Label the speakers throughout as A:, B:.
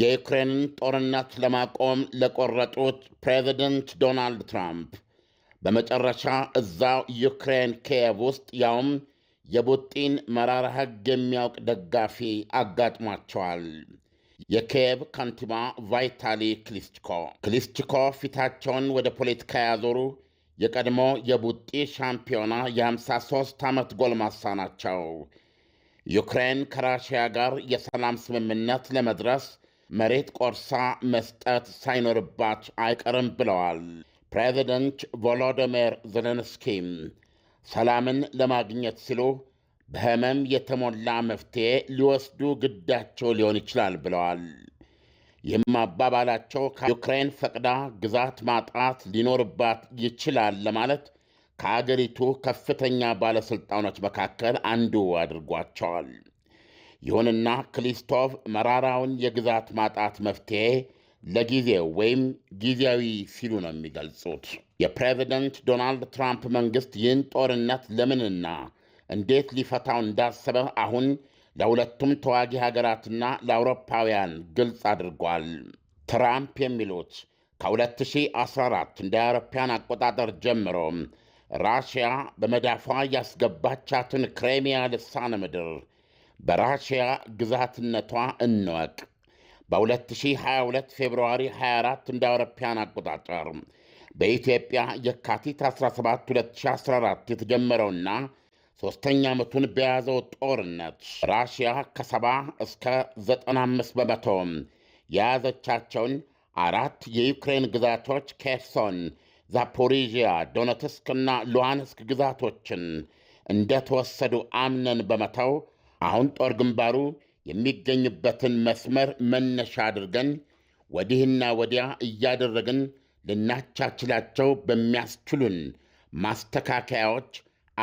A: የዩክሬንን ጦርነት ለማቆም ለቆረጡት ፕሬዚደንት ዶናልድ ትራምፕ በመጨረሻ እዛው ዩክሬን ኪየቭ ውስጥ ያውም የቡጢን መራራ ሕግ የሚያውቅ ደጋፊ አጋጥሟቸዋል። የኪየቭ ከንቲባ ቫይታሊ ክሊስችኮ ክሊስችኮ ፊታቸውን ወደ ፖለቲካ ያዞሩ የቀድሞ የቡጢ ሻምፒዮና የ53 ዓመት ጎልማሳ ናቸው። ዩክሬን ከራሽያ ጋር የሰላም ስምምነት ለመድረስ መሬት ቆርሳ መስጠት ሳይኖርባት አይቀርም ብለዋል። ፕሬዚደንት ቮሎዲሚር ዘለንስኪ ሰላምን ለማግኘት ሲሉ በህመም የተሞላ መፍትሄ ሊወስዱ ግዳቸው ሊሆን ይችላል ብለዋል። ይህም አባባላቸው ከዩክሬን ፈቅዳ ግዛት ማጣት ሊኖርባት ይችላል ለማለት ከአገሪቱ ከፍተኛ ባለሥልጣኖች መካከል አንዱ አድርጓቸዋል። ይሁንና ክሊስቶቭ መራራውን የግዛት ማጣት መፍትሄ ለጊዜው ወይም ጊዜያዊ ሲሉ ነው የሚገልጹት። የፕሬዚደንት ዶናልድ ትራምፕ መንግሥት ይህን ጦርነት ለምንና እንዴት ሊፈታው እንዳሰበ አሁን ለሁለቱም ተዋጊ ሀገራትና ለአውሮፓውያን ግልጽ አድርጓል። ትራምፕ የሚሉት ከ2014 እንደ አውሮፓውያን አቆጣጠር ጀምሮ ራሽያ በመዳፏ ያስገባቻትን ክሬሚያ ልሳነ ምድር በራሽያ ግዛትነቷ እንወቅ። በ2022 ፌብርዋሪ 24 እንደ አውሮፓያን አቆጣጠር በኢትዮጵያ የካቲት 17 2014 የተጀመረውና ሦስተኛ ዓመቱን በያዘው ጦርነት ራሽያ ከ70 እስከ 95 በመቶ የያዘቻቸውን አራት የዩክሬን ግዛቶች ኬርሶን፣ ዛፖሪዥያ፣ ዶነትስክና ሉሃንስክ ግዛቶችን እንደተወሰዱ አምነን በመተው አሁን ጦር ግንባሩ የሚገኝበትን መስመር መነሻ አድርገን ወዲህና ወዲያ እያደረግን ልናቻችላቸው በሚያስችሉን ማስተካከያዎች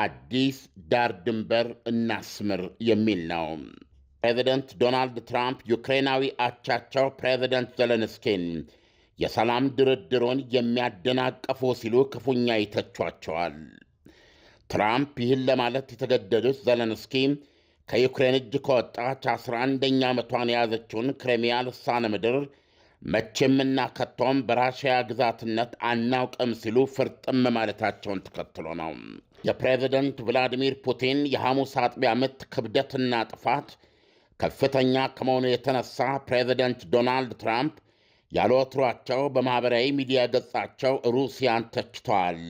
A: አዲስ ዳር ድንበር እናስምር የሚል ነው። ፕሬዚደንት ዶናልድ ትራምፕ ዩክሬናዊ አቻቸው ፕሬዚደንት ዘለንስኪን የሰላም ድርድሩን የሚያደናቀፉ ሲሉ ክፉኛ ይተቿቸዋል። ትራምፕ ይህን ለማለት የተገደዱት ዘለንስኪ ከዩክሬን እጅ ከወጣች 11ኛ ዓመቷን የያዘችውን ክሬሚያ ልሳነ ምድር መቼምና ከቶም በራሽያ ግዛትነት አናውቅም ሲሉ ፍርጥም ማለታቸውን ተከትሎ ነው። የፕሬዝደንት ቭላዲሚር ፑቲን የሐሙስ አጥቢያ ምት ክብደትና ጥፋት ከፍተኛ ከመሆኑ የተነሳ ፕሬዝደንት ዶናልድ ትራምፕ ያለወትሯቸው በማኅበራዊ ሚዲያ ገጻቸው ሩሲያን ተችተዋል።